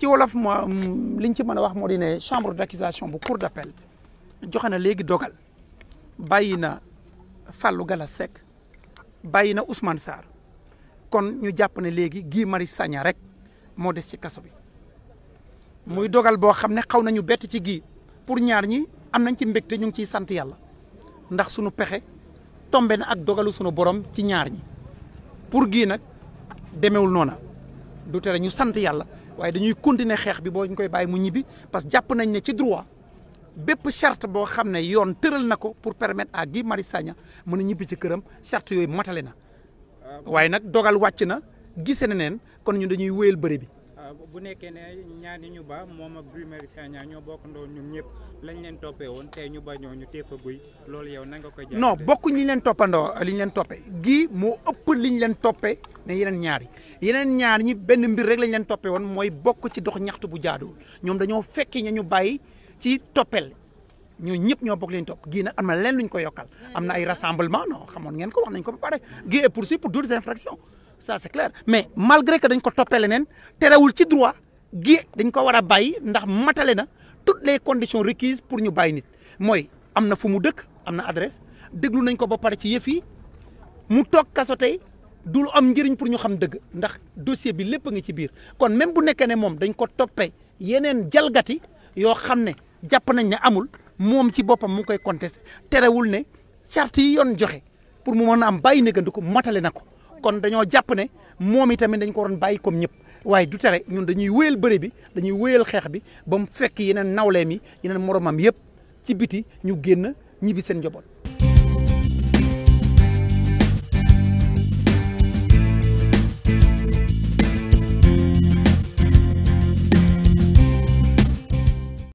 ci wolof ma mm, li ñu ci mën a wax moo di ne chambre d'accusation bu cour d'appel joxe na léegi dogal bàyyi na Fallou Gala Seck bàyyi na Ousmane saar kon ñu jàpp ne léegi gii mari Sagna rek moo des ci kaso bi muy dogal boo xam ne xaw nañu bett ci gii pour ñaar ñi am nañ ci mbégte ñu ngi ciy sant yàlla ndax sunu pexe tombe na ak dogalu sunu borom ci ñaar ñi pour gii nag demewul noona du tere ñu sant yàlla waaye dañuy continuer xeex bi boo ñu koy bàyyi mu ñibbi parce que jàpp nañ ne ci droit bépp charte boo xam ne yoon tëral na ko pour permettre à Guy Marius Sagna mun a ñibbi ci këram charte yooyu matale na ah, waaye nag dogal wàcc na gise na neen kon ñun dañuy wéyal bëri bi Euh, bu nekkee ne ñaani ñu ba moom ak Guy Marius Sagna bokk bokkandoo ñu ñëpp lañ leen toppee woon tey ñu ba ñoo ñu téef a guy loolu yow na nga koy jàpp non bokkuñ leen toppandoo liñ leen toppee gii moo ëpp liñ leen toppee ne yeneen ñaari yeneen ñaar ñi benn mbir rek lañ leen toppee woon mooy bokk ci dox ñaxtu bu jaaduwul ñoom dañoo fekki ñu ñu bàyyi ci toppel ñoo ñëpp ñoo bokk leen topp gii nag am na leen luñ ko yokkal am na ay rassemblement non xamoon ngeen ko wax nañ ko ba pare gii est poursuivi pour d'autres infractions ça c'est mais malgré que dañ ko toppeele neen terewul ci droit gi dañ ko war a bàyyi ndax matale na toutes les conditions requises pour ñu bàyyi nit mooy am na fu mu dëkk am na adresse déglu nañ ko ba pare ci yëfi mu toog kaso tey du lu am njëriñ pour ñu xam dëgg ndax dossier bi lépp a ngi ci biir kon même bu nekkee ne moom dañ ko toppee yeneen jalgati yoo xam ne jàpp nañ ne amul moom ci boppam mu koy contesté terewul ne charte yi yoon joxe pour mu mën a am bàyyi négandiku matale na ko kon dañoo jàpp ne moom itamit dañ ko waroon bàyyi comme ñëpp waaye du tere ñun dañuy wéyal bëre bi dañuy wéyal xeex bi ba mu fekk yeneen nawleem yi yeneen moromam yëpp ci biti ñu génn ñibbi seen njaboot.